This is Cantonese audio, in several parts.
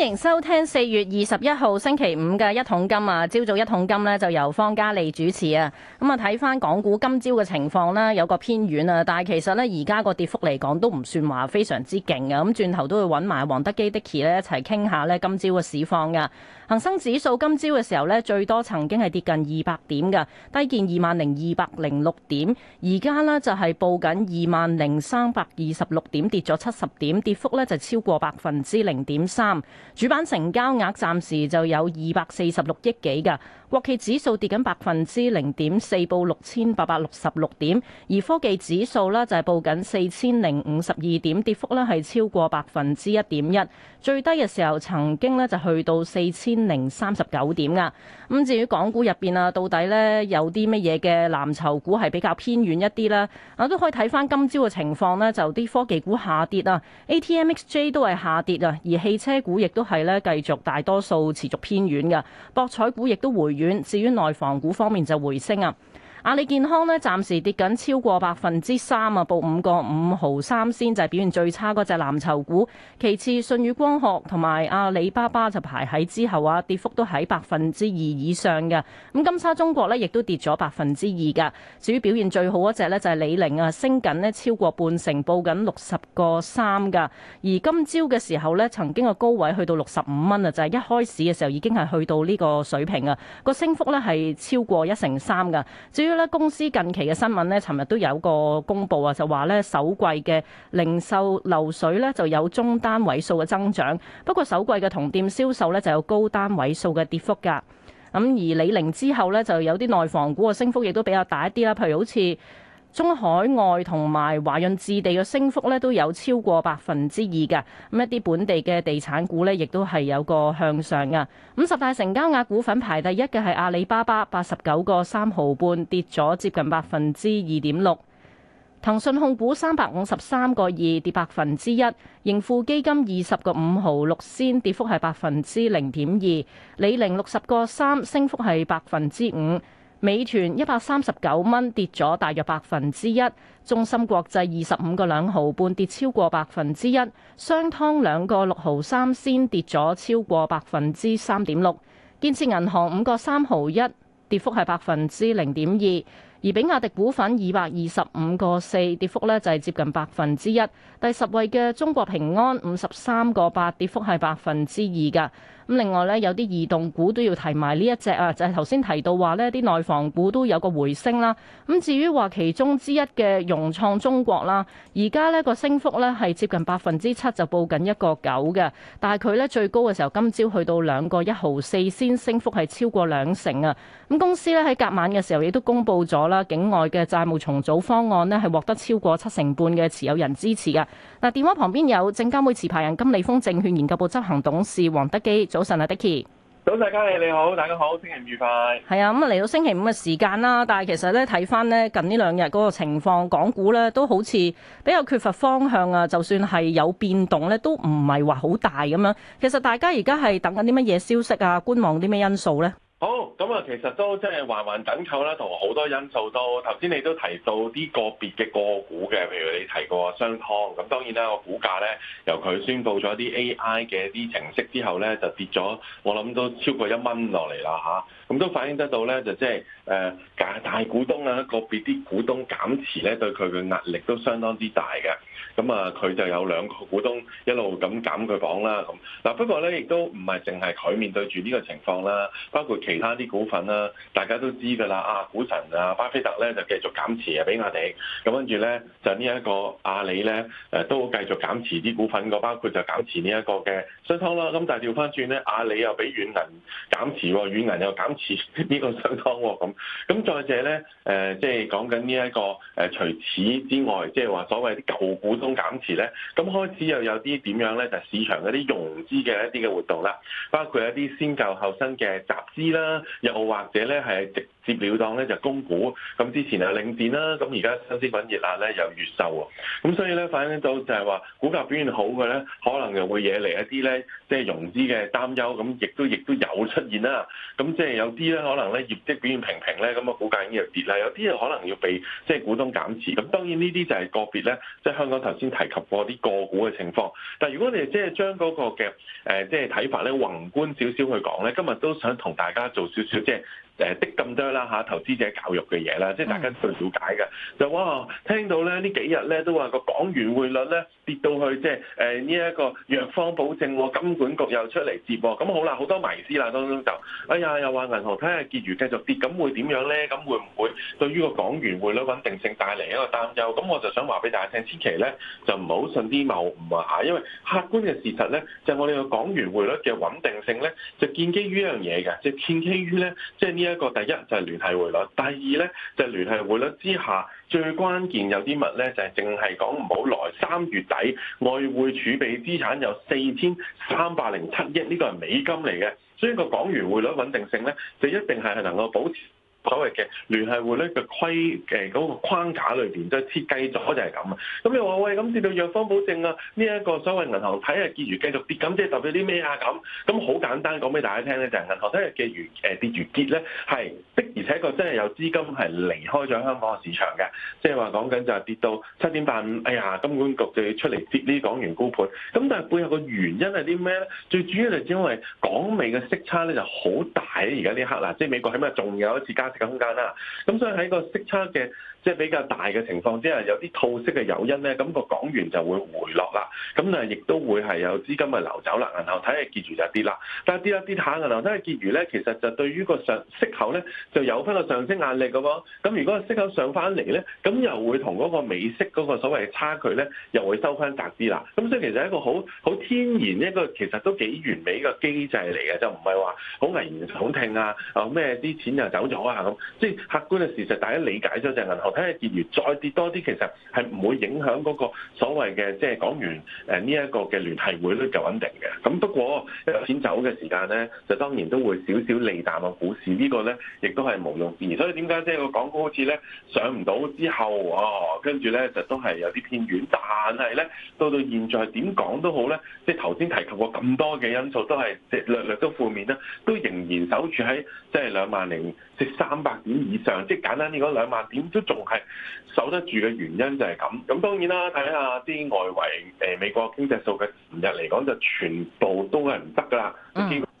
歡迎收聽四月二十一號星期五嘅一桶金啊！朝早一桶金呢就由方家利主持啊！咁啊睇翻港股今朝嘅情況啦，有個偏軟啊，但係其實呢，而家個跌幅嚟講都唔算話非常之勁啊。咁轉頭都會揾埋黃德幾 Dicky 呢一齊傾下呢今朝嘅市況噶。恒生指數今朝嘅時候呢，最多曾經係跌近二百點㗎，低見二萬零二百零六點，而家呢，就係報緊二萬零三百二十六點，跌咗七十點，跌幅呢就超過百分之零點三。主板成交額暫時就有二百四十六億幾㗎。國企指數跌緊百分之零點四，報六千八百六十六點，而科技指數呢，就係報緊四千零五十二點，跌幅呢係超過百分之一點一，最低嘅時候曾經呢，就去到四千零三十九點㗎。咁至於港股入邊啊，到底呢有啲乜嘢嘅藍籌股係比較偏遠一啲咧？啊，都可以睇翻今朝嘅情況呢，就啲科技股下跌啦，ATMXJ 都係下跌啊，而汽車股亦都係呢繼續大多數持續偏遠嘅，博彩股亦都回。至於內房股方面，就回升啊。阿里健康呢，暫時跌緊超過百分之三啊，報五個五毫三先，就係、是、表現最差嗰隻藍籌股。其次，舜宇光學同埋阿里巴巴就排喺之後啊，跌幅都喺百分之二以上嘅。咁金沙中國呢，亦都跌咗百分之二嘅。至於表現最好嗰隻呢，就係李寧啊，升緊呢，超過半成，報緊六十個三噶。而今朝嘅時候呢，曾經嘅高位去到六十五蚊啊，就係、是、一開始嘅時候已經係去到呢個水平啊。個升幅呢，係超過一成三嘅。至於公司近期嘅新聞咧，尋日都有個公佈啊，就話咧首季嘅零售流水咧就有中單位數嘅增長，不過首季嘅同店銷售咧就有高單位數嘅跌幅噶。咁而李寧之後咧，就有啲內房股嘅升幅亦都比較大一啲啦，譬如好似。中海外同埋華潤置地嘅升幅咧都有超過百分之二嘅，咁一啲本地嘅地產股咧亦都係有個向上嘅。五十大成交額股份排第一嘅係阿里巴巴八十九個三毫半，跌咗接近百分之二點六。騰訊控股三百五十三個二，跌百分之一。盈富基金二十個五毫六仙，跌幅係百分之零點二。李寧六十個三，升幅係百分之五。美團一百三十九蚊跌咗大約百分之一，中芯國際二十五個兩毫半跌超過百分之一，商湯兩個六毫三先跌咗超過百分之三點六，建設銀行五個三毫一跌幅係百分之零點二，而比亞迪股份二百二十五個四跌幅呢就係接近百分之一，第十位嘅中國平安五十三個八跌幅係百分之二㗎。咁另外咧，有啲移動股都要提埋呢一隻啊，就係頭先提到話呢啲內房股都有個回升啦。咁至於話其中之一嘅融創中國啦，而家呢個升幅呢係接近百分之七，就報緊一個九嘅。但係佢呢最高嘅時候，今朝去到兩個一毫四先，升幅係超過兩成啊。咁公司呢喺隔晚嘅時候亦都公布咗啦，境外嘅債務重組方案呢係獲得超過七成半嘅持有人支持嘅。嗱，電話旁邊有證監會持牌人金利豐證券研究部執行董事黃德幾。早晨啊，Dicky，早晨，嘉麗，你好，大家好，星期五愉快。係啊，咁啊嚟到星期五嘅時間啦，但係其實咧睇翻咧近呢兩日嗰個情況，港股咧都好似比較缺乏方向啊。就算係有變動咧，都唔係話好大咁樣。其實大家而家係等緊啲乜嘢消息啊？觀望啲咩因素咧？好，咁啊，其實都即係環環緊扣啦，同好多因素都。頭先你都提到啲個別嘅個股嘅，譬如你提過商湯咁，當然啦，個股價咧由佢宣佈咗啲 A.I. 嘅一啲程式之後咧，就跌咗，我諗都超過一蚊落嚟啦吓，咁、啊、都反映得到咧，就即係誒大大股東啊，個別啲股東減持咧，對佢嘅壓力都相當之大嘅。咁啊，佢就有兩個股東一路咁減佢房啦。咁嗱，不過咧亦都唔係淨係佢面對住呢個情況啦，包括。其他啲股份啦、啊，大家都知㗎啦。啊，股神啊，巴菲特咧就繼續減持啊，俾我哋。咁跟住咧就呢一個阿里咧，誒、呃、都繼續減持啲股份個，包括就減持呢一個嘅商湯啦。咁但係調翻轉咧，阿、啊、里又俾軟銀減持，軟銀又減持個湯、啊、呢、呃就是這個商湯咁。咁再者咧，誒即係講緊呢一個誒，除此之外，即係話所謂啲舊股東減持咧，咁開始又有啲點樣咧？就是、市場嗰啲融資嘅一啲嘅活動啦，包括一啲先舊後新嘅集資啦。又或者咧係直接了當咧就供股，咁之前又領跌啦，咁而家新鮮粉熱下咧又越收喎，咁所以咧反映到就係話股價表現好嘅咧，可能又會惹嚟一啲咧即係融資嘅擔憂，咁亦都亦都有出現啦。咁即係有啲咧可能咧業績表現平平咧，咁啊股價已經又跌啦。有啲又可能要被即係股東減持。咁當然呢啲就係個別咧，即係香港頭先提及過啲個股嘅情況。但係如果你即係將嗰個嘅誒即係睇法咧，宏觀少少去講咧，今日都想同大家。做少少即係。誒的咁多啦嚇，投資者教育嘅嘢啦，即係大家最了解嘅。就哇，聽到咧呢幾日咧都話個港元匯率咧跌到去，即係誒呢一個弱方保證，金管局又出嚟接，咁好啦，好多迷思啦，當中就哎呀，又話銀行睇下結餘繼續跌，咁會點樣咧？咁會唔會對於個港元匯率穩定性帶嚟一個擔憂？咁我就想話俾大家聽，千祈咧就唔好信啲謬誤啊嚇，因為客觀嘅事實咧就係我哋個港元匯率嘅穩定性咧就建基於一樣嘢㗎，就建基於咧即係呢一。一個第一就係聯繫匯率，第二咧就係聯繫匯率之下，最關鍵有啲乜咧就係淨係講唔好，來三月底，外匯儲備資產有四千三百零七億，呢個係美金嚟嘅，所以個港元匯率穩定性咧就一定係係能夠保持。所謂嘅聯繫匯率嘅規誒嗰、那個、框架裏邊再設計咗就係咁啊！咁你話喂咁跌到藥方保證啊？呢、這、一個所謂銀行體系結餘繼續跌咁，即係代表啲咩啊？咁咁好簡單講俾大家聽咧，就係、是、銀行體系結餘誒跌住結咧，係的，而且確真係有資金係離開咗香港嘅市場嘅。即係話講緊就係、是、跌到七點八五，哎呀，金管局就要出嚟跌呢啲港元沽盤。咁但係背後個原因係啲咩咧？最主要就係因為港美嘅息差咧就好大，而家呢刻嗱，即、就、係、是、美國起碼仲有一次加。空間啦，咁所以喺個色差嘅。 即係比較大嘅情況之下，有啲套息嘅誘因咧，咁個港元就會回落啦。咁啊，亦都會係有資金咪流走啦。銀行睇下結餘就跌啦。但係跌啦跌下，下銀行睇下結餘咧，其實就對於個上息口咧就有翻個上升壓力嘅喎。咁如果息口上翻嚟咧，咁又會同嗰個美息嗰個所謂差距咧，又會收翻窄啲啦。咁所以其實一個好好天然一個其實都幾完美嘅機制嚟嘅，就唔係話好危言聳聽啊啊咩啲錢又走咗啊咁。即係客觀嘅事實，大家理解咗隻銀行。睇下結餘再跌多啲，其實係唔會影響嗰個所謂嘅即係港元誒呢一個嘅聯繫會咧夠穩定嘅。咁不過先走嘅時間咧，就當然都會少少利淡啊。股市個呢個咧，亦都係無庸置疑。所以點解即係個港股好似咧上唔到之後，跟住咧就都係有啲偏遠。但係咧，到到現在點講都好咧，即係頭先提及過咁多嘅因素都係即係略略都負面啦，都仍然守住喺即係兩萬零。就是 2, 000, 0, 000, 三百點以上，即簡單啲講，兩萬點都仲係守得住嘅原因就係咁。咁當然啦，睇下啲外圍誒美國經濟數據，前日嚟講就全部都係唔得噶啦。嗯。就呢啲嘅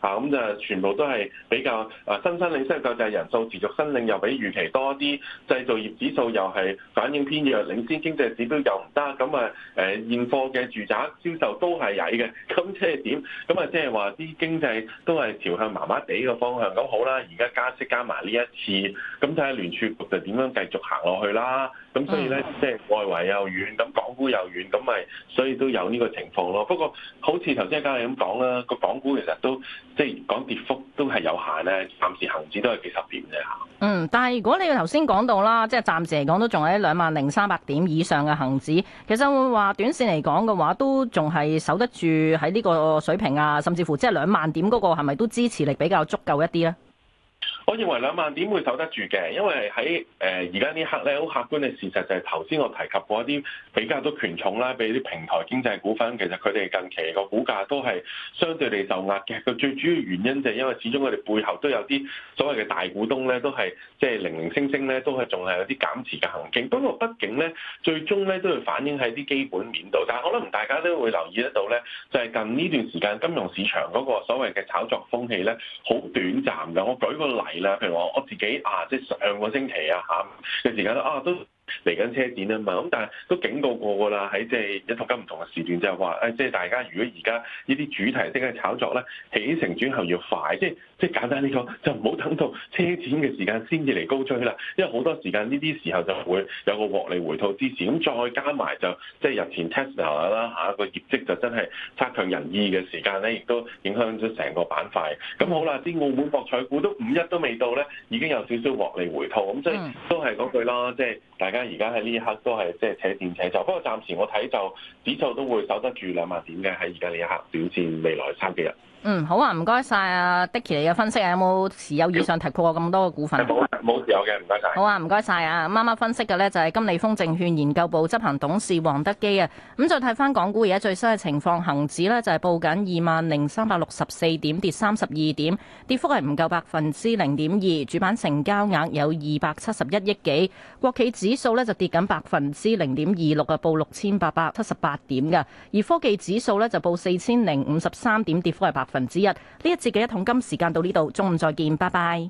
咁就全部都係比較啊新申請嘅救濟人數持續申領又比預期多啲，製造業指數又係反應偏弱，領先經濟指標又唔得，咁啊誒現貨嘅住宅銷售都係曳嘅，咁即係點？咁啊即係話啲經濟都係朝向麻麻地嘅方向，咁好啦，而家加息加埋呢一次，咁睇下聯儲局就點樣繼續行落去啦。咁所以咧，即係外圍又遠，咁港股又遠，咁咪所以都有呢個情況咯。不過，好似頭先嘉麗咁講啦，個港股其實都即係講跌幅都係有限咧，暫時恒指都係幾十點啫嚇。嗯，但係如果你頭先講到啦，即係暫時嚟講都仲喺兩萬零三百點以上嘅恒指，其實會唔會話短線嚟講嘅話，都仲係守得住喺呢個水平啊，甚至乎即係兩萬點嗰個係咪都支持力比較足夠一啲咧？我認為兩萬點會守得住嘅，因為喺誒而家呢刻咧，好客觀嘅事實就係頭先我提及過一啲比較多權重啦，比如啲平台經濟股份，其實佢哋近期個股價都係相對地受壓嘅。佢最主要原因就係因為始終佢哋背後都有啲所謂嘅大股東咧，都係即係零零星星咧，都係仲係有啲減持嘅行徑。不過畢竟咧，最終咧都要反映喺啲基本面度。但係可能大家都會留意得到咧，就係近呢段時間金融市場嗰個所謂嘅炒作風氣咧，好短暫㗎。我舉個例。譬如我我自己啊，即係上個星期啊，嚇，有時間都啊都。啊都嚟緊車展啊嘛，咁但係都警告過㗎啦，喺即係一託金唔同嘅時段就係話，誒即係大家如果而家呢啲主題式嘅炒作咧，起承轉合要快，即係即係簡單啲講，就唔好等到車展嘅時間先至嚟高追啦，因為好多時間呢啲時候就會有個獲利回吐之時，咁再加埋就即係日前 Tesla 啦下個業績就真係差強人意嘅時間咧，亦都影響咗成個板塊。咁好啦，啲澳門博彩股都五一都未到咧，已經有少少獲利回吐，咁即係都係嗰句啦，即係大家。而家喺呢一刻都係即係且戰且走，不過暫時我睇就指數都會守得住兩萬點嘅，喺而家呢一刻，短線未來三幾日。嗯，好啊，唔該晒啊，Dicky 你嘅 Dick 分析啊，有冇持有以上提過咁多嘅股份？冇冇持有嘅，唔該晒。好啊，唔該晒啊，啱啱分析嘅呢，就係金利豐證券研究部執行董事黃德幾啊。咁、嗯、再睇翻港股而家最新嘅情況，恒指呢就係報緊二萬零三百六十四點，跌三十二點，跌幅係唔夠百分之零點二，主板成交額有二百七十一億幾。國企指數呢就跌緊百分之零點二六啊，報六千八百七十八點嘅，而科技指數呢就報四千零五十三點，跌幅係百。分之一，呢一節嘅一桶金時間到呢度，中午再見，拜拜。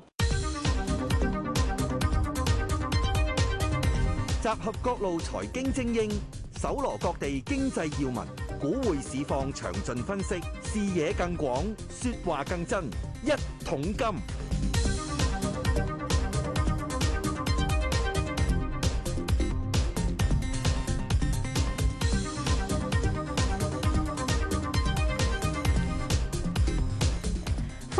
集合各路財經精英，搜羅各地經濟要聞，股匯市況詳盡分析，視野更廣，說話更真，一桶金。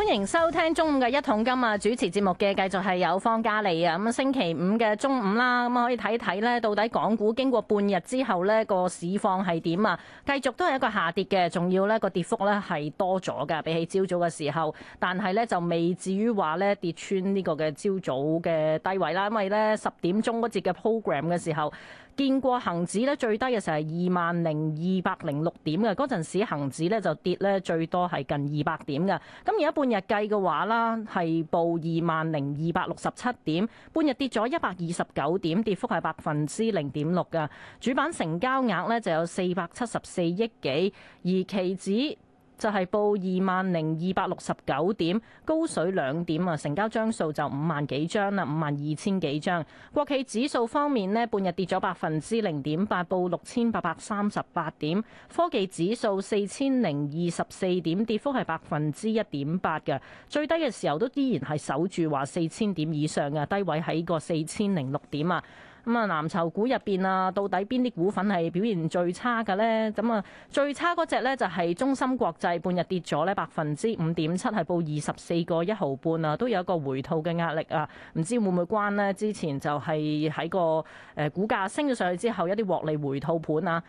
歡迎收聽中午嘅一桶金啊！主持節目嘅繼續係有方嘉利。啊！咁星期五嘅中午啦，咁可以睇睇，呢到底港股經過半日之後呢個市況係點啊？繼續都係一個下跌嘅，仲要呢個跌幅呢係多咗噶，比起朝早嘅時候，但係呢就未至於話呢跌穿呢個嘅朝早嘅低位啦，因為呢十點鐘嗰節嘅 program 嘅時候。見過恒指咧最低嘅時候係二萬零二百零六點嘅，嗰陣時恆指咧就跌咧最多係近二百點嘅。咁而家半日計嘅話啦，係報二萬零二百六十七點，半日跌咗一百二十九點，跌幅係百分之零點六嘅。主板成交額咧就有四百七十四億幾，而期指，就係報二萬零二百六十九點，高水兩點啊，成交張數就五萬幾張啊，五萬二千幾張。國企指數方面呢，半日跌咗百分之零點八，報六千八百三十八點。科技指數四千零二十四點，跌幅係百分之一點八嘅，最低嘅時候都依然係守住話四千點以上嘅低位喺個四千零六點啊。咁啊，藍籌股入邊啊，到底邊啲股份係表現最差嘅呢？咁啊，最差嗰隻呢，就係中芯國際，半日跌咗呢，百分之五點七，係報二十四個一毫半啊，都有一個回吐嘅壓力啊。唔知會唔會關呢？之前就係喺個誒股價升咗上去之後，一啲獲利回吐盤啊。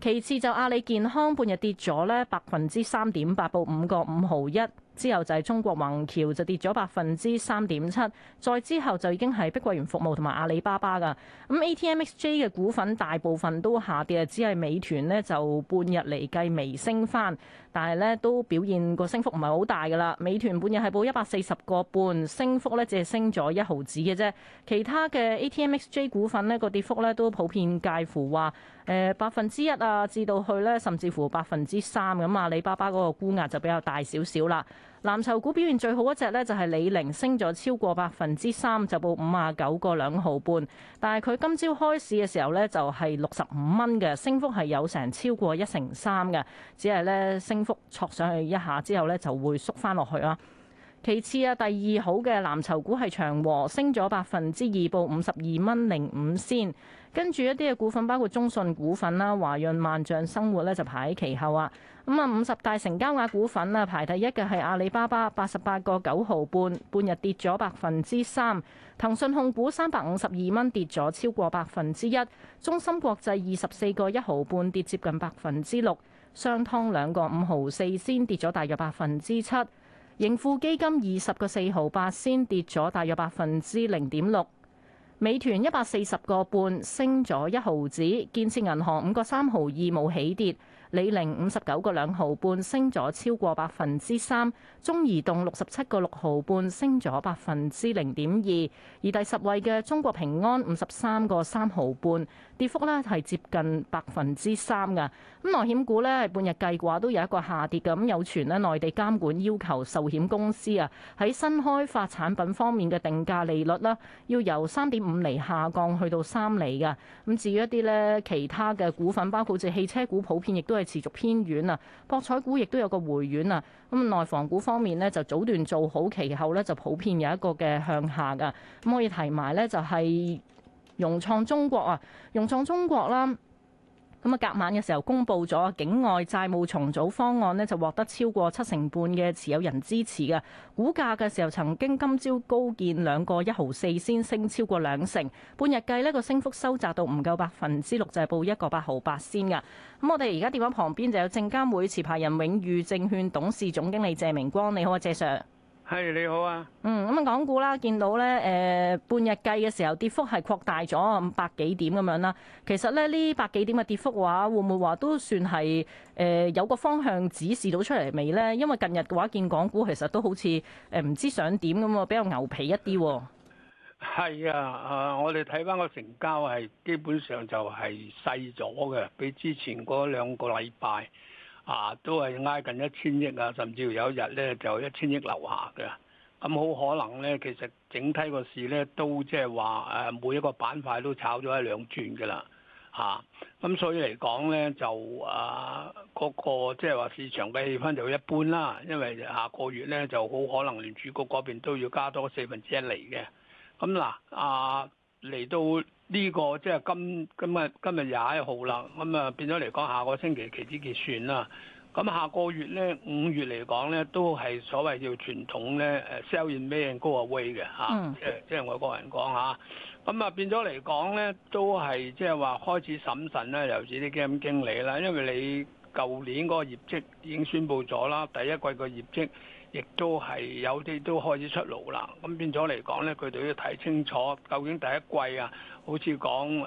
其次就阿里健康，半日跌咗呢，百分之三點八，報五個五毫一。之後就係中國宏橋就跌咗百分之三點七，再之後就已經係碧桂園服務同埋阿里巴巴㗎。咁。A T M X J 嘅股份大部分都下跌，只係美團呢就半日嚟計微升返，但係呢都表現個升幅唔係好大㗎啦。美團半日係報一百四十個半，升幅呢只係升咗一毫子嘅啫。其他嘅 A T M X J 股份呢個跌幅呢都普遍介乎話。誒百分之一啊，至到去呢，甚至乎百分之三咁啊！阿里巴巴嗰個股額就比較大少少啦。藍籌股表現最好一隻呢，就係李寧升咗超過百分之三，就報五啊九個兩毫半。但係佢今朝開市嘅時候呢，就係六十五蚊嘅，升幅係有成超過一成三嘅，只係呢升幅戳上去一下之後呢，就會縮翻落去啊。其次啊，第二好嘅藍籌股係長和，升咗百分之二，報五十二蚊零五仙。跟住一啲嘅股份包括中信股份啦、華潤萬象生活咧就排喺其後啊。咁、嗯、啊，五十大成交額股份啊，排第一嘅係阿里巴巴，八十八個九毫半，半日跌咗百分之三。騰訊控股三百五十二蚊，跌咗超過百分之一。中芯國際二十四個一毫半，跌接近百分之六。商湯兩個五毫四仙，跌咗大約百分之七。盈富基金二十個四毫八先跌咗大約百分之零點六，美團一百四十個半升咗一毫子，建設銀行五個三毫二冇起跌。李寧五十九個兩毫半升咗超過百分之三，中移動六十七個六毫半升咗百分之零點二，而第十位嘅中國平安五十三個三毫半，跌幅呢，係接近百分之三嘅。咁內險股呢，係半日計話都有一個下跌嘅，咁有傳呢內地監管要求壽險公司啊喺新開發產品方面嘅定價利率啦，要由三點五厘下降去到三厘嘅。咁至於一啲呢，其他嘅股份，包括住汽車股，普遍亦都係。持續偏軟啊，博彩股亦都有個回軟啊。咁內房股方面呢，就早段做好，其後呢就普遍有一個嘅向下噶。咁可以提埋呢，就係融創中國啊，融創中國啦。咁啊，隔晚嘅時候公布咗境外債務重組方案呢，就獲得超過七成半嘅持有人支持嘅。股價嘅時候曾經今朝高見兩個一毫四仙，升超過兩成，半日計呢個升幅收窄到唔夠百分之六，就係報一個八毫八仙噶。咁我哋而家電話旁邊就有證監會持牌人永譽證券，券董事總經理謝明光，你好啊，謝 Sir。係、hey，你好啊，嗯，咁、嗯、啊，港股啦，見到咧，誒、呃，半日計嘅時候，跌幅係擴大咗，五百幾點咁樣啦。其實咧，呢百幾點嘅跌幅話，會唔會話都算係誒、呃、有個方向指示到出嚟未咧？因為近日嘅話，見港股其實都好似誒唔知想點咁啊，比較牛皮一啲。係啊，啊，呃、我哋睇返個成交係基本上就係細咗嘅，比之前嗰兩個禮拜。啊，都係挨近一千億啊，甚至乎有一日咧就一千億樓下嘅，咁好可能咧，其實整體個市咧都即係話誒，每一個板塊都炒咗一兩轉嘅啦，嚇、啊，咁所以嚟講咧就啊，嗰、嗰個即係話市場嘅氣氛就一般啦，因為下個月咧就好可能聯儲局嗰邊都要加多四分之一釐嘅，咁嗱啊嚟到。呢個即係今今日今日廿一號啦，咁啊變咗嚟講，下個星期期指結算啦。咁下個月咧，五月嚟講咧，都係所謂叫傳統咧誒，sell in May and go away 嘅嚇，嗯、即係即係外國人講嚇。咁啊變咗嚟講咧，都係即係話開始審慎啦，尤其是啲基金經理啦，因為你舊年嗰個業績已經宣佈咗啦，第一季個業績。亦都係有啲都開始出爐啦，咁變咗嚟講咧，佢哋要睇清楚究竟第一季啊，好似講誒誒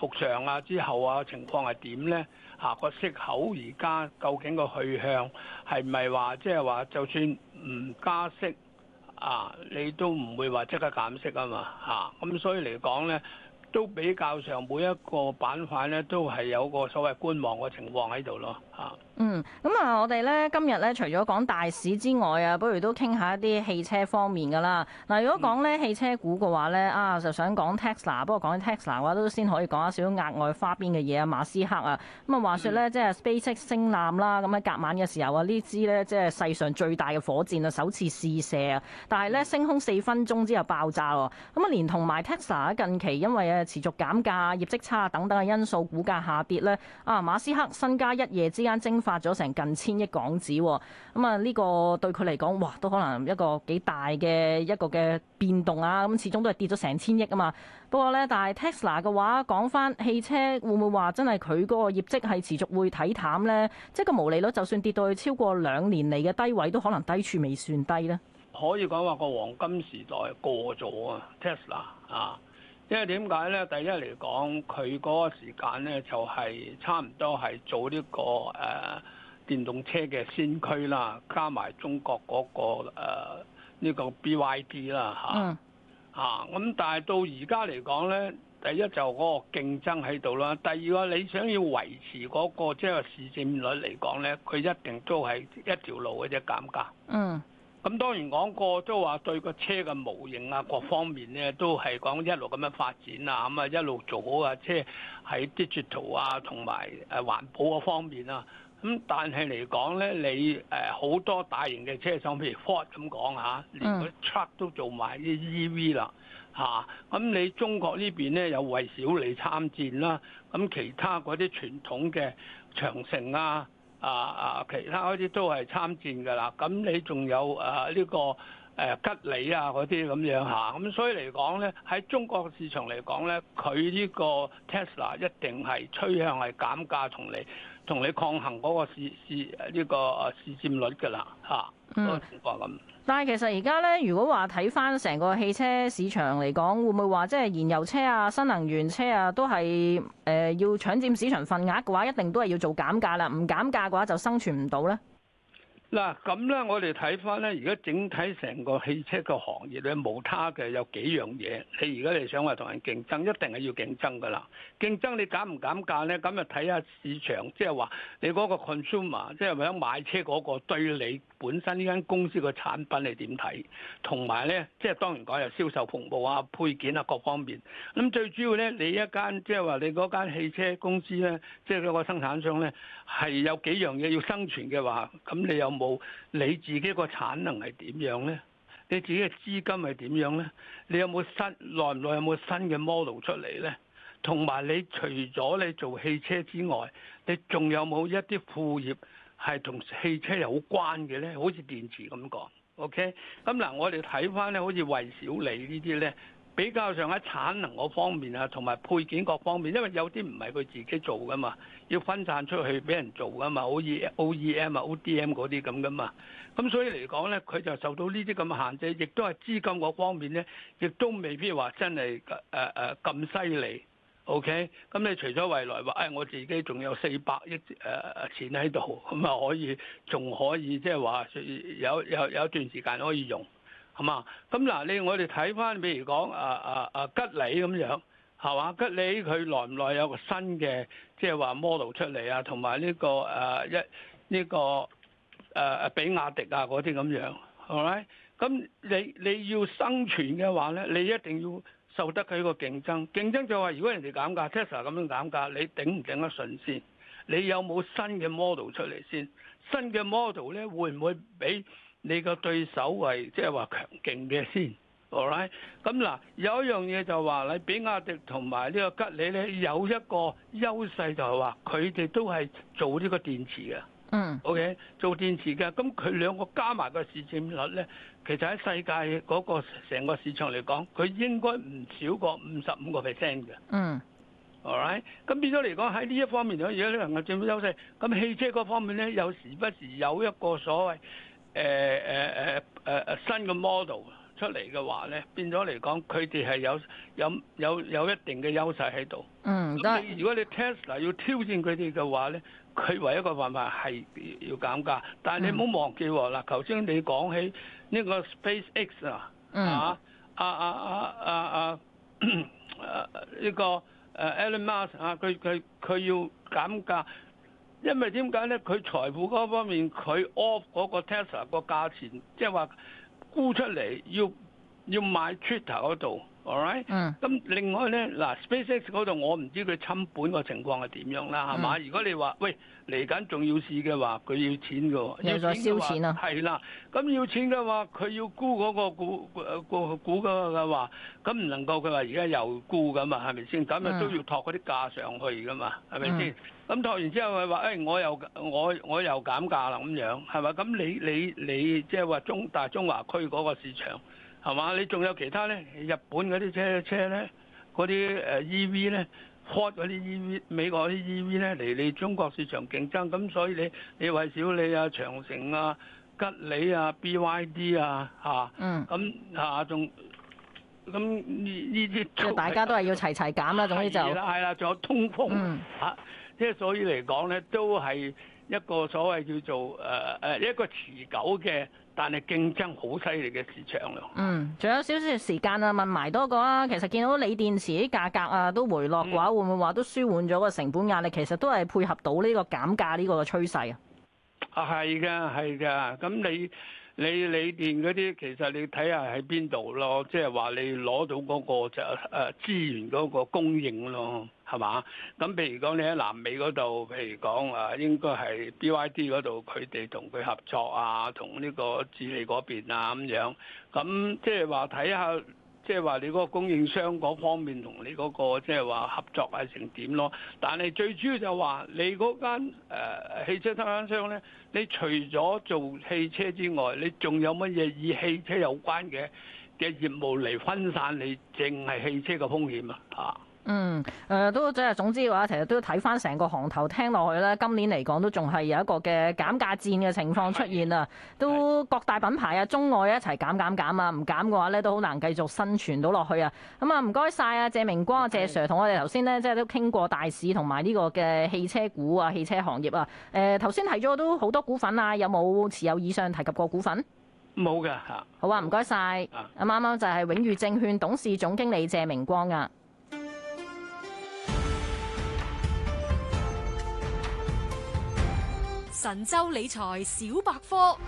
復常啊之後啊情況係點咧？下、啊、個息口而家究竟個去向係唔係話即係話就算唔加息啊，你都唔會話即刻減息嘛啊嘛嚇，咁所以嚟講咧，都比較上每一個板塊咧都係有個所謂觀望嘅情況喺度咯嚇。啊嗯，咁啊，我哋咧今日咧除咗講大市之外啊，不如都傾下一啲汽車方面噶啦。嗱，如果講咧汽車股嘅話咧，啊，就想講 Tesla。不過講起 Tesla 嘅話，都先可以講一少少額外花邊嘅嘢啊，馬斯克啊。咁啊，話說咧，即係 SpaceX 星艦啦，咁啊隔晚嘅時候啊，支呢支咧即係世上最大嘅火箭啊，首次試射啊，但係咧升空四分鐘之後爆炸喎。咁啊，連同埋 Tesla 近期因為誒持續減價、業績差等等嘅因素，股價下跌咧，啊，馬斯克身家一夜之間。蒸。發咗成近千億港紙，咁啊呢個對佢嚟講，哇都可能一個幾大嘅一個嘅變動啊！咁始終都係跌咗成千億啊嘛。不過呢，但係 Tesla 嘅話，講翻汽車會唔會話真係佢嗰個業績係持續會睇淡呢？即係個毛利率就算跌到去超過兩年嚟嘅低位，都可能低處未算低呢？可以講話個黃金時代過咗啊，Tesla 啊！因為點解咧？第一嚟講，佢嗰個時間咧就係、是、差唔多係做呢、這個誒、呃、電動車嘅先驅啦，加埋中國嗰、那個呢、呃這個 BYD 啦吓？嚇、mm. 啊。咁但係到而家嚟講咧，第一就嗰個競爭喺度啦。第二個你想要維持嗰、那個即係、就是、市佔率嚟講咧，佢一定都係一條路嘅啫，減價。嗯。Mm. 咁當然講過都話對個車嘅模型啊，各方面咧都係講一路咁樣發展啊。咁啊一路做好、啊、架車喺 Digital 啊同埋誒環保嘅方面啊，咁但係嚟講咧你誒好多大型嘅車廠譬如 Ford 咁講嚇、啊，連個 truck 都做埋啲 EV 啦嚇，咁、mm. 啊、你中國邊呢邊咧有為小米參戰啦、啊，咁其他嗰啲傳統嘅長城啊。啊啊！其他嗰啲都係參戰㗎啦，咁你仲有啊呢個誒吉利啊嗰啲咁樣嚇，咁所以嚟講咧，喺中國市場嚟講咧，佢呢個 Tesla 一定係趨向係減價同你同你抗衡嗰個市市呢個市佔率㗎啦嚇，個情況咁。但係其實而家咧，如果話睇返成個汽車市場嚟講，會唔會話即係燃油車啊、新能源車啊，都係誒、呃、要搶佔市場份額嘅話，一定都係要做減價啦。唔減價嘅話，就生存唔到呢。嗱咁咧，我哋睇翻咧，而家整體成個汽車個行業咧冇他嘅有幾樣嘢。你而家你想話同人競爭，一定係要競爭㗎啦。競爭你減唔減價咧？咁又睇下市場，即係話你嗰個 consumer，即係咪想買車嗰個對你本身呢間公司個產品你點睇？同埋咧，即係當然講有銷售服務啊、配件啊各方面。咁最主要咧，你一間即係話你嗰間汽車公司咧，即係嗰個生產商咧，係有幾樣嘢要生存嘅話，咁你有。冇你自己個產能係點樣呢？你自己嘅資金係點樣呢？你有冇新，耐唔耐有冇新嘅 model 出嚟呢？同埋你除咗你做汽車之外，你仲有冇一啲副業係同汽車有關嘅呢？好似電池咁講，OK？咁嗱，我哋睇翻咧，好似蔚小理呢啲呢。比較上喺產能嗰方面啊，同埋配件各方面，因為有啲唔係佢自己做噶嘛，要分散出去俾人做噶嘛，好似 O E M 啊 O D M 嗰啲咁噶嘛。咁所以嚟講咧，佢就受到呢啲咁嘅限制，亦都係資金嗰方面咧，亦都未必話真係誒誒咁犀利。O K，咁你除咗未來話，誒、哎、我自己仲有四百億誒、呃、錢喺度，咁啊可以，仲可以即係話有有有，有段時間可以用。係嘛？咁嗱、嗯，你我哋睇翻，譬如講啊啊啊吉利咁樣，係嘛？吉利佢耐唔耐有個新嘅，即係話 model 出嚟啊，同埋呢個誒、啊、一呢、呢個誒誒、啊、比亞迪啊嗰啲咁樣，係咪？咁你你要生存嘅話咧，你一定要受得佢一個競爭。競爭就話，如果人哋減價，Tesla 咁樣減價，你頂唔頂得順先？你有冇新嘅 model 出嚟先？新嘅 model 咧，會唔會俾？你個對手係即係話強勁嘅先，all right？咁嗱有一樣嘢就話你比亞迪同埋呢個吉利咧，有一個優勢就係話佢哋都係做呢個電池嘅。嗯，OK，做電池嘅。咁佢兩個加埋個市佔率咧，其實喺世界嗰個成個市場嚟講，佢應該唔少過五十五個 percent 嘅。嗯，all right？咁變咗嚟講喺呢一方面，如果你能夠佔到優勢。咁汽車嗰方面咧，有時不時有一個所謂，誒誒誒誒誒新嘅 model 出嚟嘅話咧，變咗嚟講，佢哋係有有有有一定嘅優勢喺度。嗯，但係如果你 Tesla 要挑戰佢哋嘅話咧，佢唯一一個辦法係要減價。但係你唔好忘記喎，嗱， 頭先你講起呢個 SpaceX 啊，啊啊啊啊啊啊呢個誒 Elon Musk 啊，佢佢佢要減價。 嗯 嗯 um. 因為點解咧？佢財富方面，佢 off 個 Tesla 個價錢，即係話沽出嚟要要買 Twitter 度。Alright? 嗯。咁另外咧，嗱，SpaceX 嗰度我唔知佢侵本個情況係點樣啦，係嘛、嗯？如果你話喂嚟緊仲要試嘅話，佢要錢嘅喎，又要燒錢啦係啦。咁要錢嘅話，佢要沽嗰個股誒個、呃、股嘅話，咁唔能夠佢話而家又沽嘅嘛，係咪先？咁啊都要托嗰啲價上去嘅嘛，係咪先？咁托、嗯、完之後佢話誒，我又我我又減價啦咁樣，係嘛？咁你你你即係話中、大中華區嗰個市場。係嘛？你仲有其他咧？日本嗰啲車車咧，嗰啲誒 EV 咧，hot 嗰啲 EV，美國啲 EV 咧嚟你中國市場競爭，咁所以你你為小李啊、長城啊、吉利啊、BYD 啊嚇、嗯啊，嗯，咁啊仲咁呢呢啲，即係大家都係要齊齊減啦，仲可以就係啦係啦，仲有通風嚇，即係、嗯啊、所以嚟講咧都係。一個所謂叫做誒誒、呃、一個持久嘅，但係競爭好犀利嘅市場咯。嗯，仲有少少時間啊，問埋多個啊。其實見到鋰電池啲價格啊都回落嘅話，嗯、會唔會話都舒緩咗個成本壓力？其實都係配合到呢個減價呢個趨勢啊。啊，係㗎，係㗎。咁你。你鋰電嗰啲，其實你睇下喺邊度咯，即係話你攞到嗰個就誒資源嗰個供應咯，係嘛？咁譬如講你喺南美嗰度，譬如講誒，應該係 BYD 嗰度，佢哋同佢合作啊，同呢個智利嗰邊啊咁樣，咁即係話睇下。即係話你嗰個供應商嗰方面同你嗰個即係話合作係成點咯？但係最主要就話你嗰間誒汽車生產商咧，你除咗做汽車之外，你仲有乜嘢以汽車有關嘅嘅業務嚟分散你淨係汽車嘅風險啊？嚇！嗯，誒都即係總之嘅話，其實都睇翻成個行頭聽落去咧。今年嚟講都仲係有一個嘅減價戰嘅情況出現啊！都各大品牌啊，中外一齊減減減啊！唔減嘅話咧，都好難繼續生存到落去啊！咁啊，唔該晒啊，謝明光啊，謝 Sir 同我哋頭先咧，即係都傾過大市同埋呢個嘅汽車股啊、汽車行業啊。誒頭先提咗都好多股份啊，有冇持有以上提及過股份？冇㗎嚇。好啊，唔該晒。咁啱啱就係永裕證券董事總經理謝明光啊。神州理財小百科。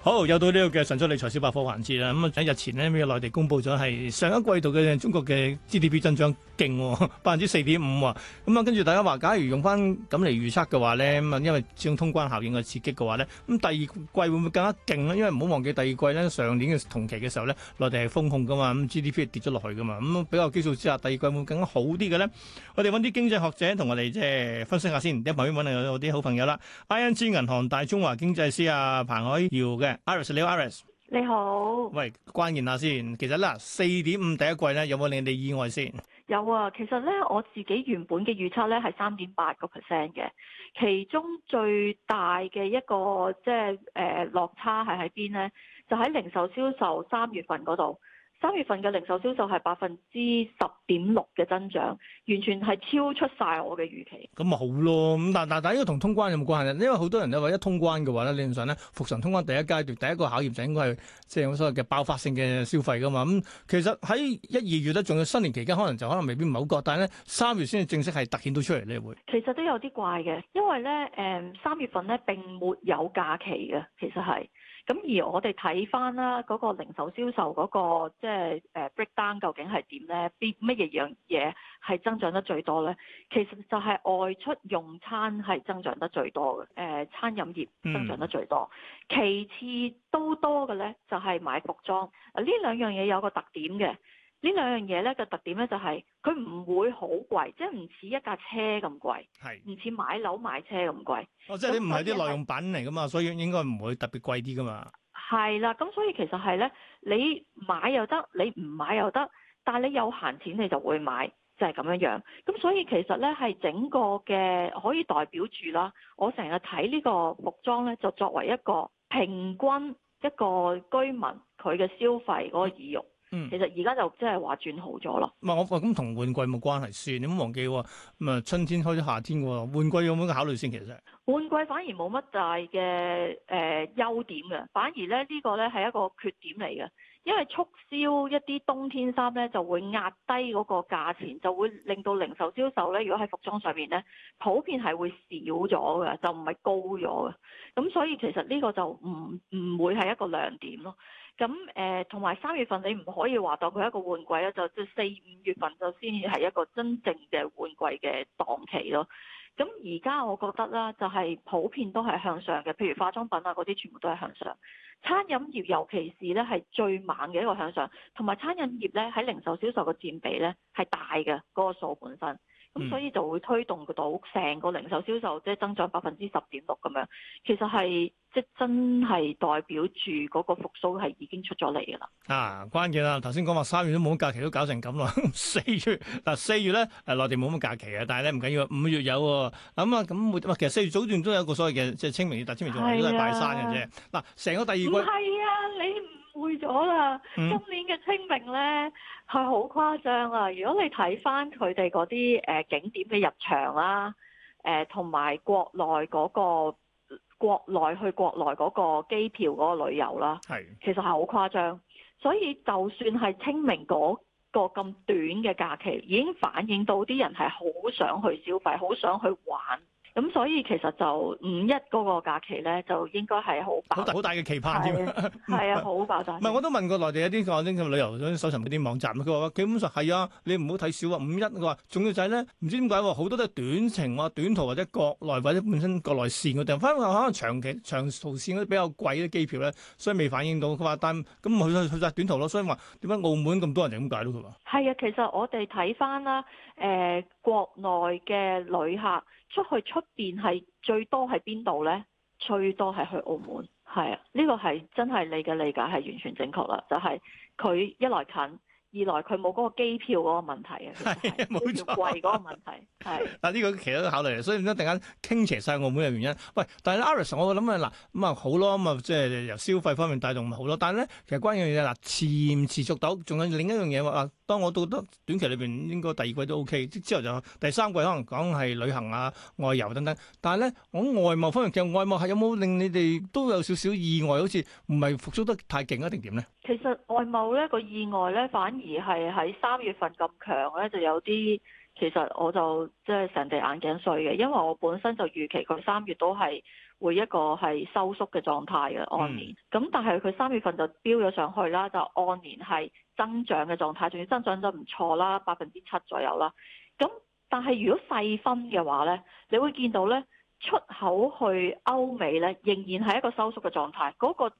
好，又到呢個嘅神州理財小百科環節啦。咁啊喺日前咧，呢個內地公布咗係上一季度嘅中國嘅 GDP 增長。勁百分之四點五喎，咁啊跟住大家話，假如用翻咁嚟預測嘅話咧，咁啊因為將通關效應嘅刺激嘅話咧，咁第二季會唔會更加勁咧？因為唔好忘記第二季咧，上年嘅同期嘅時候咧，內地係封控噶嘛，咁 GDP 係跌咗落去噶嘛，咁比較基數之下，第二季會唔會更加好啲嘅咧？我哋揾啲經濟學者同我哋即係分析下先。一旁邊揾下有啲好朋友啦，ING 銀行大中華經濟師啊，彭海耀嘅，Iris，你好，Iris。你好，喂，關鍵下先，其實嗱，四點五第一季咧，有冇令你意外先？有啊，其實咧，我自己原本嘅預測咧係三點八個 percent 嘅，其中最大嘅一個即係誒落差係喺邊咧？就喺零售銷售三月份嗰度。三月份嘅零售銷售係百分之十點六嘅增長，完全係超出晒我嘅預期。咁咪好咯，咁但係但係，呢個同通關有冇關係咧？因為好多人都話，一通關嘅話咧，理論上咧，復常通關第一階段，第一個考驗就應該係即係我所謂嘅爆發性嘅消費噶嘛。咁、嗯、其實喺一二月咧，仲有新年期間，可能就可能未必唔係好覺，但係咧三月先正式係突顯到出嚟呢個。會其實都有啲怪嘅，因為咧誒、嗯，三月份咧並沒有假期嘅，其實係。咁而我哋睇翻啦，嗰個零售銷售嗰個即係誒 breakdown 究竟係點咧？邊乜嘢樣嘢係增長得最多咧？其實就係外出用餐係增長得最多嘅，誒、呃、餐飲業增長得最多。其次都多嘅咧，就係、是、買服裝。啊，呢兩樣嘢有個特點嘅。呢兩樣嘢咧嘅特點咧就係佢唔會好貴，即係唔似一架車咁貴，係唔似買樓買車咁貴。哦，即係你唔係啲耐用品嚟㗎嘛，所以，所以應該唔會特別貴啲㗎嘛。係啦，咁所以其實係咧，你買又得，你唔買又得，但係你有閒錢你就會買，就係咁樣樣。咁所以其實咧係整個嘅可以代表住啦。我成日睇呢個服裝咧，就作為一個平均一個居民佢嘅消費嗰個意欲。嗯嗯，其實而家就即係話轉好咗咯。唔係我咁同換季冇關係算，你唔好忘記喎，咁啊春天開始夏天喎，換季有冇考慮先？其實換季反而冇乜大嘅誒、呃、優點嘅，反而咧呢個咧係一個缺點嚟嘅，因為促銷一啲冬天衫咧就會壓低嗰個價錢，就會令到零售銷售咧，如果喺服裝上面咧，普遍係會少咗嘅，就唔係高咗嘅。咁所以其實呢個就唔唔會係一個亮點咯。咁誒，同埋三月份你唔可以話當佢一個換季啦，就即係四五月份就先係一個真正嘅換季嘅檔期咯。咁而家我覺得啦，就係、是、普遍都係向上嘅，譬如化妝品啊嗰啲全部都係向上。餐飲業尤其是咧係最猛嘅一個向上，同埋餐飲業咧喺零售銷售嘅佔比咧係大嘅嗰、那個數本身。咁、嗯、所以就會推動到成個零售銷售即係、就是、增長百分之十點六咁樣，其實係即係真係代表住嗰個復甦係已經出咗嚟㗎啦。啊，關鍵啦！頭先講話三月都冇假期都搞成咁啦、 啊，四月嗱四月咧誒內地冇乜假期啊，但呢係咧唔緊要，五月有喎、哦。咁啊咁、啊、其實四月早段都有個所謂嘅即係清明，但係、啊、清明仲係都係拜山嘅啫。嗱、啊，成個第二季唔係啊，你誤會咗啦。嗯、今年嘅清明咧。係好誇張啊！如果你睇翻佢哋嗰啲誒景點嘅入場啦、啊，誒同埋國內嗰個國內去國內嗰個機票嗰個旅遊啦、啊，係其實係好誇張。所以就算係清明嗰個咁短嘅假期，已經反映到啲人係好想去消費，好想去玩。咁、嗯、所以其實就五一嗰個假期咧，就應該係好爆好大嘅期盼添。係啊，好爆炸。唔係我都問過內地一啲講緊去旅遊，想搜尋嗰啲網站，佢話基本上係啊，你唔好睇少啊。五一佢話仲要就係咧，唔知點解好多都係短程啊、短途或者國內或者本身國內線嗰啲人，反而可能長期長途線嗰啲比較貴啲機票咧，所以未反映到。佢話但咁佢去曬短途咯，所以話點解澳門咁多人就咁解咯？佢話係啊，其實我哋睇翻啦，誒、呃。呃國內嘅旅客出去出邊係最多係邊度呢？最多係去澳門，係啊，呢、這個係真係你嘅理解係完全正確啦，就係、是、佢一來近。二來佢冇嗰個機票嗰個問題啊，機的票貴嗰個問題係。嗱呢沒錯 是個其實都考慮所以咁樣突然間傾斜晒澳門嘅原因。喂，但係 Aris，我諗啊，嗱咁啊好咯，咁啊即係由消費方面帶動咪好咯。但係咧，其實關鍵嘅嘢嗱持唔持續到，仲有另一樣嘢話，當我到得短期裏邊應該第二季都 OK，之後就第三季可能講係旅行啊、外遊等等。但係咧，講外貿方面，其實外貿係有冇令你哋都有少少意外，好似唔係復甦得太勁啊，定點咧？其實外貿呢個意外呢，反而係喺三月份咁強呢，就有啲其實我就即係成地眼鏡碎嘅，因為我本身就預期佢三月都係會一個係收縮嘅狀態嘅按年，咁、嗯、但係佢三月份就飆咗上去啦，就按年係增長嘅狀態，仲要增長得唔錯啦，百分之七左右啦。咁但係如果細分嘅話呢，你會見到呢，出口去歐美呢，仍然係一個收縮嘅狀態，嗰、嗰個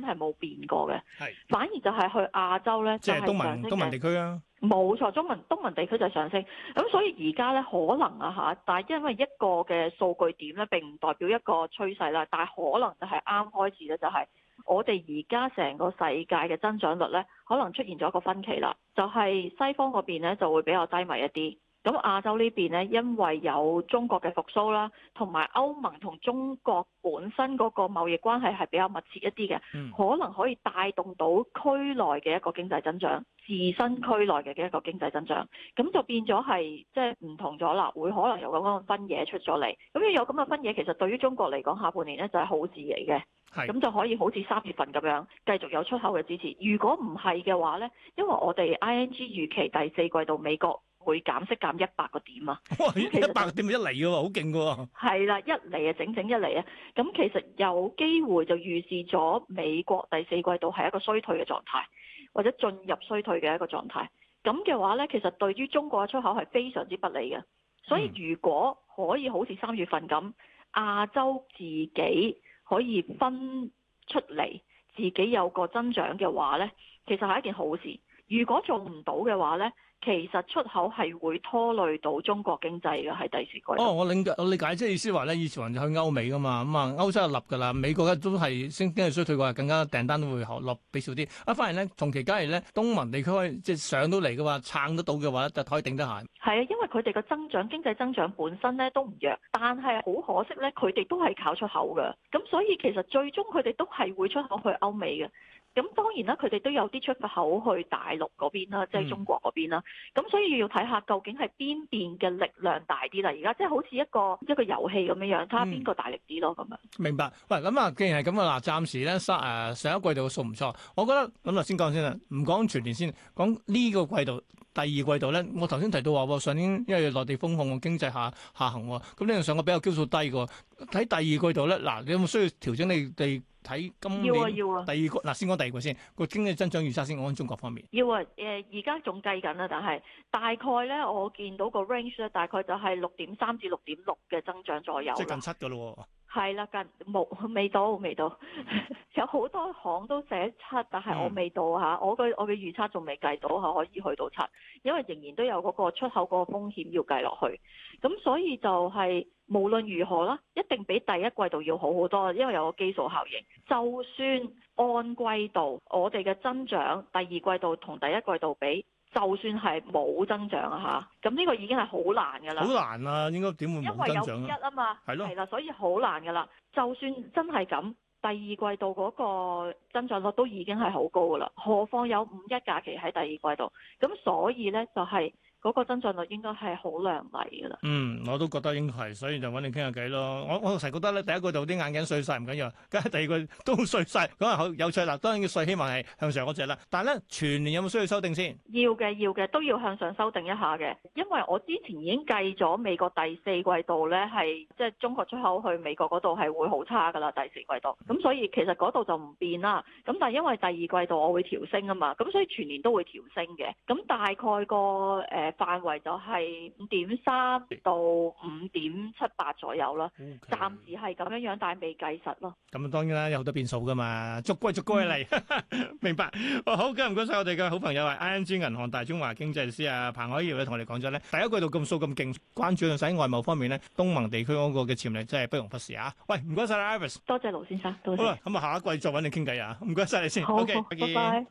係冇變過嘅，是反而就係去亞洲呢，即係東盟東盟地區啊，冇錯，東盟東盟地區就上升。咁所以而家呢，可能啊嚇，但係因為一個嘅數據點呢，並唔代表一個趨勢啦，但係可能就係啱開始呢，就係我哋而家成個世界嘅增長率呢，可能出現咗一個分歧啦，就係、是、西方嗰邊呢就會比較低迷一啲。咁亞洲呢邊呢，因為有中國嘅復甦啦，同埋歐盟同中國本身嗰個貿易關係係比較密切一啲嘅，嗯、可能可以帶動到區內嘅一個經濟增長，自身區內嘅嘅一個經濟增長，咁就變咗係即係唔同咗啦。會可能有咁嘅分野出咗嚟。咁樣有咁嘅分野，其實對於中國嚟講，下半年呢就係好事嚟嘅。係咁是就可以好似三月份咁樣繼續有出口嘅支持。如果唔係嘅話呢，因為我哋 ING 預期第四季度美國，會減息減一百個點啊！一百哇實個點，一嚟喎，好勁嘅喎。係啦，一嚟啊，整整一嚟啊。咁其實有機會就預示咗美國第四季度係一個衰退嘅狀態，或者進入衰退嘅一個狀態。咁嘅話呢，其實對於中國嘅出口係非常之不利嘅。所以如果可以好似三月份咁，亞洲自己可以分出嚟，自己有個增長嘅話呢，其實係一件好事。如果做唔到嘅話呢。其實出口係會拖累到中國經濟嘅，係第時過嚟。哦，我理解，我理解，即係意思話咧，以前人去歐美㗎嘛，咁啊，歐洲又立㗎啦，美國都係先經濟衰退嘅話，更加訂單都會落落少啲。一反而咧，同期反而咧，東盟地區即係上到嚟嘅話，撐得到嘅話，就可以頂得下。係啊，因為佢哋嘅增長經濟增長本身咧都唔弱，但係好可惜咧，佢哋都係靠出口㗎，咁所以其實最終佢哋都係會出口去歐美嘅。咁當然啦，佢哋都有啲出口去大陸嗰邊啦，即係中國嗰邊啦。咁，嗯，所以要睇下究竟係邊邊嘅力量大啲啦。而家即係好似一個一個遊戲咁樣樣，睇下邊個大力啲咯。咁啊，嗯，明白。喂，咁啊，既然係咁啊，嗱，暫時咧，上上一季度嘅數唔錯。我覺得咁啊，先講先啦，唔講全年先，講呢個季度第二季度咧。我頭先提到話喎，上年因為內地風控同經濟下下行喎，咁呢個上個比較基數低嘅喎。睇第二季度咧，嗱，你有冇需要調整你哋？睇今年啊。第二個嗱，啊、先講第二個先個經濟增長預測先，講中國方面。要啊，誒而家仲計緊啦，但係大概咧，我見到個 range 咧，大概，大概就係六點三至六點六嘅增長左右啦。即係近七嘅咯喎。係啦，近冇未到，未到，嗯、 有好多行都寫七，但係我未到嚇、嗯，我嘅我嘅預測仲未計到嚇，可以去到七，因為仍然都有嗰個出口嗰個風險要計落去，咁所以就係、是。無論如何啦，一定比第一季度要好好多，因為有個基數效應。就算按季度，我哋嘅增長第二季度同第一季度比，就算係冇增長啊吓，咁呢個已經係好難噶啦。好難啊，應該點會冇增長啊因為有五一啊嘛，係咯係啦，所以好難噶啦。就算真係咁，第二季度嗰個增長率都已經係好高噶啦，何況有五一假期喺第二季度，咁所以呢，就係。嗰個增長率應該係好靚麗嘅啦。嗯，我都覺得應該係，所以就揾你傾下偈咯。我我成日覺得咧，第一季度啲眼鏡碎晒唔緊要，梗係第二季都碎晒。咁啊好有趣啦。當然要碎希望係向上嗰隻啦。但係咧，全年有冇需要修訂先？要嘅，要嘅，都要向上修訂一下嘅，因為我之前已經計咗美國第四季度咧係即係中國出口去美國嗰度係會好差㗎啦，第四季度。咁所以其實嗰度就唔變啦。咁但係因為第二季度我會調升啊嘛，咁所以全年都會調升嘅。咁大概個誒。呃範圍就係五點三到五點七八左右啦，暫時係咁樣樣，但係未計實咯。咁當然啦，有好多變數㗎嘛。逐歸逐歸嚟，明白。好，今日唔該曬我哋嘅好朋友係 ING 銀行大中華經濟師啊彭海耀，同我哋講咗咧，第一季度咁數咁勁，關注喺外貿方面咧，東盟地區嗰個嘅潛力真係不容忽視啊！喂，唔該曬，Iris。多謝盧先生。多謝。好，咁啊，下一季再揾你傾偈啊！唔該曬你先，好，拜拜。